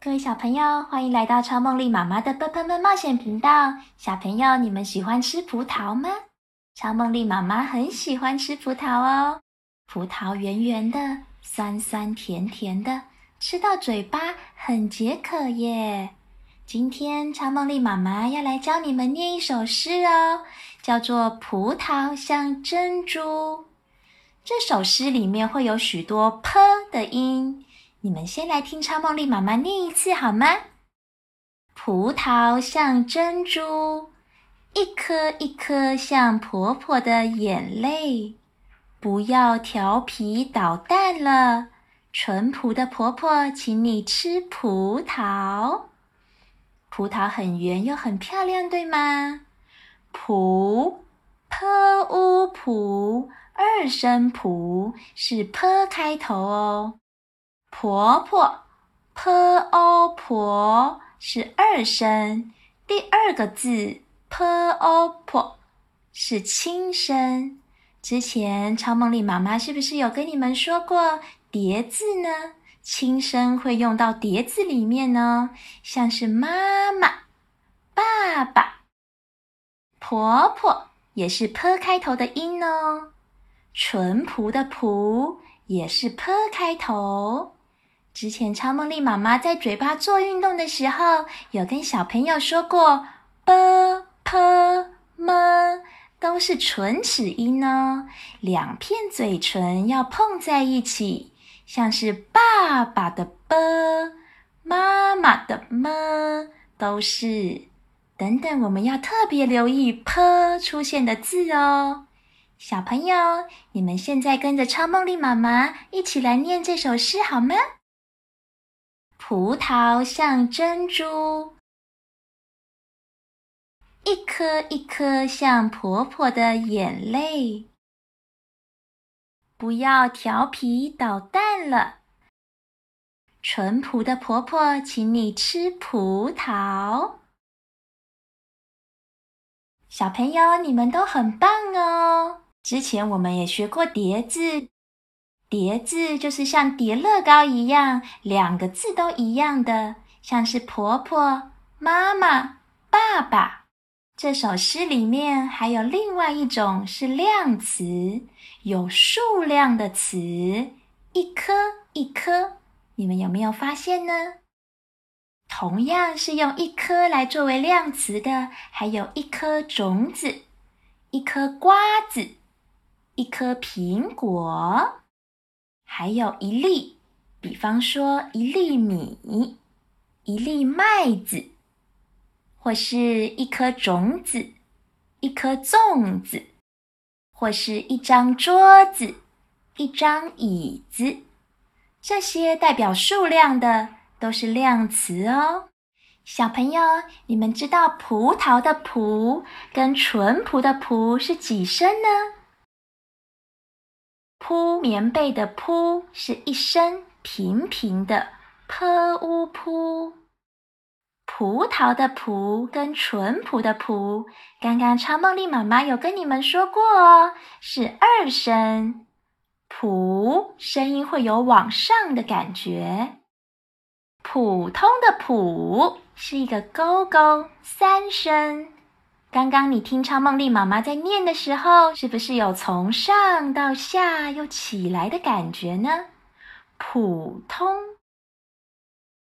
各位小朋友，歡迎來到超夢莉媽媽的“嘭嘭嘭”冒險頻道。小朋友，你們喜歡吃葡萄嗎？超夢莉媽媽很喜歡吃葡萄哦。葡萄圓圓圓的，酸酸甜甜的，吃到嘴巴很解渴耶。今天超夢莉媽媽要來教你們唸一首詩哦，叫做《葡萄像珍珠》。這首詩裡面會有許多“嘭”的音。你們先來聽超夢莉媽媽念一次好嗎？葡萄像珍珠，一顆一顆像婆婆的眼淚。不要調皮搗蛋了，淳樸的婆婆，請你吃葡萄。葡萄很圓又很漂亮，對嗎？葡 p u 葡二聲葡，葡是 p 開頭哦。婆婆 p o、哦、婆是二聲，第二個字 p o、哦、婆是輕聲。之前超夢莉媽媽是不是有跟你們說過疊字呢？輕聲會用到疊字裡面呢、哦，像是媽媽、爸爸、婆婆也是 p 開頭的音哦。純樸的樸也是 p 開頭。之前超夢莉媽媽在嘴巴做運動的時候，有跟小朋友說過“啵啵麼”，都是唇齒音哦。兩片嘴唇要碰在一起，像是爸爸的“啵”，媽媽的“麼”，都是。等等，我們要特別留意“ p ”出現的字哦。小朋友，你們現在跟着超夢莉媽媽一起來念這首詩好嗎？葡萄像珍珠，一顆一顆像婆婆的眼淚。不要調皮搗蛋了，純樸的婆婆請你吃葡萄。小朋友，你們都很棒哦！之前我們也學過疊字。疊字就是像疊樂高一樣，兩個字都一樣的，像是婆婆、媽媽、爸爸。這首詩裡面還有另外一種是量詞，有數量的詞，一顆一顆。你們有沒有發現呢？同樣是用一顆來作為量詞的，還有一顆種子，一顆瓜子，一顆蘋果。還有一粒，比方說一粒米、一粒麥子，或是一顆種子、一顆粽子，或是一張桌子、一張椅子，這些代表數量的都是量詞哦。小朋友，你們知道“葡萄”的“葡”跟“純樸”的“樸”是幾聲呢？鋪棉被的鋪是一聲平平的 p u 撲。葡萄的葡跟淳樸的樸，剛剛超夢莉媽媽有跟你們說過哦，是二聲，葡聲音會有往上的感覺。普通的普是一個勾勾，三聲。剛剛你聽超夢莉媽媽在念的時候，是不是有從上到下又起來的感覺呢？普通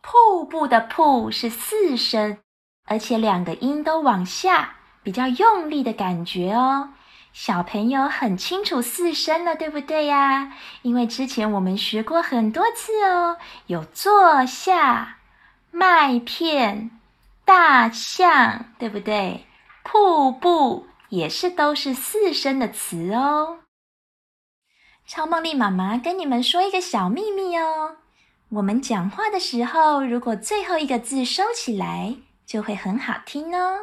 瀑布的瀑是四聲，而且兩個音都往下，比較用力的感覺哦。小朋友很清楚四聲了，對不對呀、啊？因為之前我們學過很多次哦，有坐下、麥片、大象，對不對？瀑布也是都是四聲的詞哦。超夢莉媽媽跟你們說一個小祕密哦，我們講話的時候，如果最後一個字收起來，就會很好聽哦。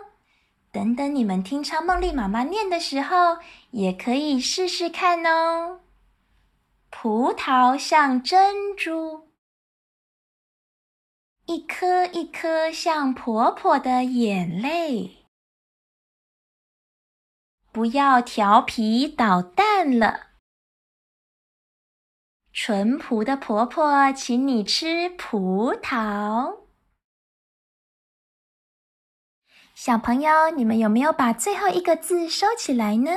等等，你們聽超夢莉媽媽念的時候，也可以試試看哦。葡萄像珍珠，一顆一顆像婆婆的眼淚。不要調皮搗蛋了，淳樸的婆婆請你吃葡萄。小朋友，你們有沒有把最後一個字收起來呢？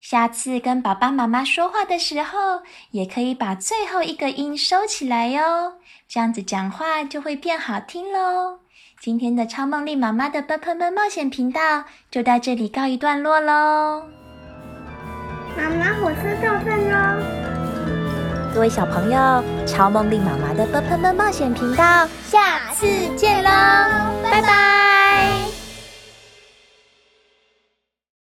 下次跟爸爸媽媽說話的時候，也可以把最後一個音收起來喲、哦，這樣子講話就會變好聽嘍。今天的超夢莉媽媽的“奔奔奔”冒險頻道就到這裡告一段落嘍！媽媽火車到站嘍！各位小朋友，超夢莉媽媽的“奔奔奔”冒險頻道下次見嘍！拜拜。拜拜。